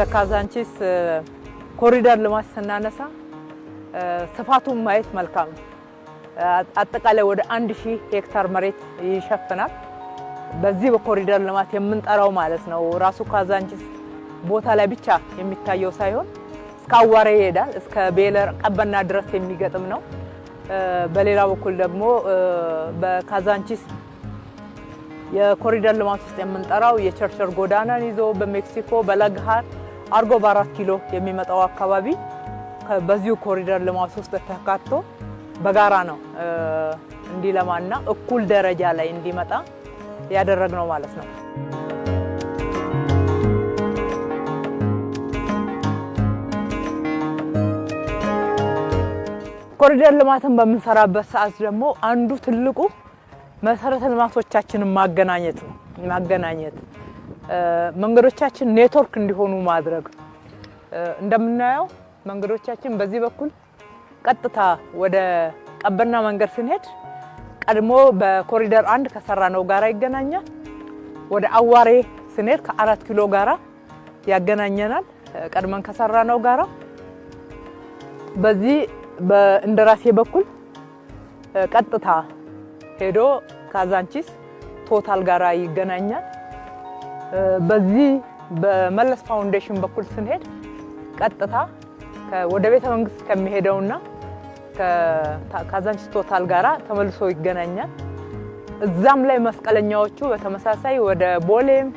ለካዛንቺስ ኮሪደር ልማት ስናነሳ ስፋቱን ማየት መልካም ነው። አጠቃላይ ወደ አንድ ሺህ ሄክታር መሬት ይሸፍናል። በዚህ በኮሪደር ልማት የምንጠራው ማለት ነው። ራሱ ካዛንቺስ ቦታ ላይ ብቻ የሚታየው ሳይሆን እስከ አዋሬ ይሄዳል፣ እስከ ቤለር ቀበና ድረስ የሚገጥም ነው። በሌላ በኩል ደግሞ በካዛንቺስ የኮሪደር ልማት ውስጥ የምንጠራው የቸርቸር ጎዳናን ይዞ በሜክሲኮ በለግሃር አርጎ በአራት ኪሎ የሚመጣው አካባቢ በዚሁ ኮሪደር ልማት ውስጥ ተካቶ በጋራ ነው እንዲለማና እኩል ደረጃ ላይ እንዲመጣ ያደረግነው ማለት ነው። ኮሪደር ልማትን በምንሰራበት ሰዓት ደግሞ አንዱ ትልቁ መሰረተ ልማቶቻችንን ማገናኘት ነው ማገናኘት መንገዶቻችን ኔትወርክ እንዲሆኑ ማድረግ። እንደምናየው መንገዶቻችን በዚህ በኩል ቀጥታ ወደ ቀበና መንገድ ስንሄድ ቀድሞ በኮሪደር አንድ ከሰራ ነው ጋራ ይገናኛል። ወደ አዋሬ ስንሄድ ከአራት ኪሎ ጋራ ያገናኘናል ቀድመን ከሰራ ነው ጋራ። በዚህ በእንደራሴ በኩል ቀጥታ ሄዶ ካዛንቺስ ቶታል ጋራ ይገናኛል። በዚህ በመለስ ፋውንዴሽን በኩል ስንሄድ ቀጥታ ወደ ቤተ መንግስት ከሚሄደውና ከዛንች ቶታል ጋራ ተመልሶ ይገናኛል። እዛም ላይ መስቀለኛዎቹ በተመሳሳይ ወደ ቦሌም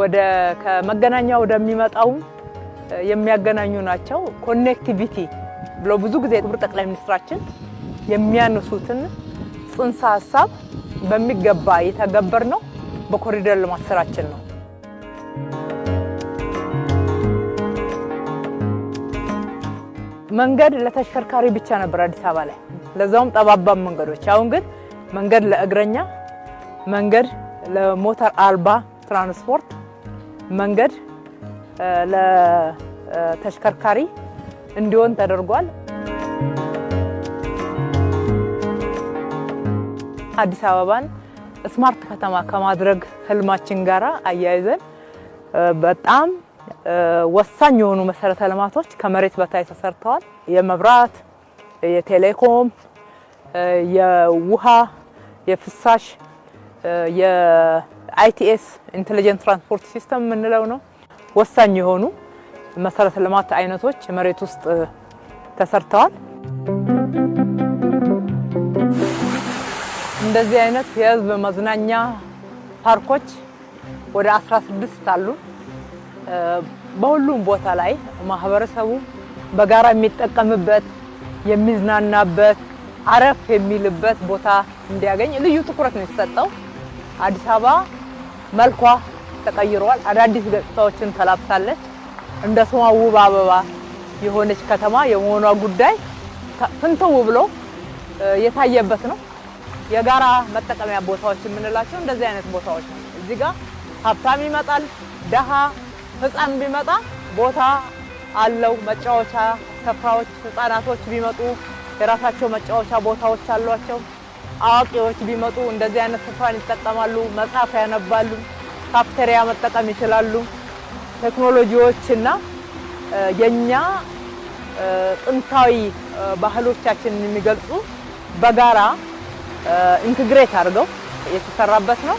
ወደ ከመገናኛ ወደሚመጣውም የሚያገናኙ ናቸው። ኮኔክቲቪቲ ብሎ ብዙ ጊዜ የክቡር ጠቅላይ ሚኒስትራችን የሚያነሱትን ጽንሰ ሀሳብ በሚገባ የተገበር ነው በኮሪደር ልማት ስራችን ነው። መንገድ ለተሽከርካሪ ብቻ ነበር አዲስ አበባ ላይ ለዛውም ጠባባም መንገዶች። አሁን ግን መንገድ ለእግረኛ፣ መንገድ ለሞተር አልባ ትራንስፖርት፣ መንገድ ለተሽከርካሪ እንዲሆን ተደርጓል። አዲስ አበባን ስማርት ከተማ ከማድረግ ህልማችን ጋራ አያይዘን በጣም ወሳኝ የሆኑ መሰረተ ልማቶች ከመሬት በታይ ተሰርተዋል። የመብራት፣ የቴሌኮም፣ የውሃ፣ የፍሳሽ፣ የአይቲኤስ ኢንቴሊጀንት ትራንስፖርት ሲስተም የምንለው ነው። ወሳኝ የሆኑ መሰረተ ልማት አይነቶች መሬት ውስጥ ተሰርተዋል። እንደዚህ አይነት የህዝብ መዝናኛ ፓርኮች ወደ 16 አሉ። በሁሉም ቦታ ላይ ማህበረሰቡ በጋራ የሚጠቀምበት የሚዝናናበት አረፍ የሚልበት ቦታ እንዲያገኝ ልዩ ትኩረት ነው የተሰጠው። አዲስ አበባ መልኳ ተቀይሯል። አዳዲስ ገጽታዎችን ተላብሳለች። እንደ ስሟ ውብ አበባ የሆነች ከተማ የመሆኗ ጉዳይ ፍንትው ብሎ የታየበት ነው። የጋራ መጠቀሚያ ቦታዎች የምንላቸው እንደዚህ አይነት ቦታዎች ነው። እዚህ ጋር ሀብታም ይመጣል፣ ደሃ ህፃን ቢመጣ ቦታ አለው። መጫወቻ ስፍራዎች ህፃናቶች ቢመጡ የራሳቸው መጫወቻ ቦታዎች አሏቸው። አዋቂዎች ቢመጡ እንደዚህ አይነት ስፍራን ይጠቀማሉ። መጽሐፍ ያነባሉ። ካፍቴሪያ መጠቀም ይችላሉ። ቴክኖሎጂዎች እና የኛ ጥንታዊ ባህሎቻችንን የሚገልጹ በጋራ ኢንትግሬት አድርገው የተሰራበት ነው።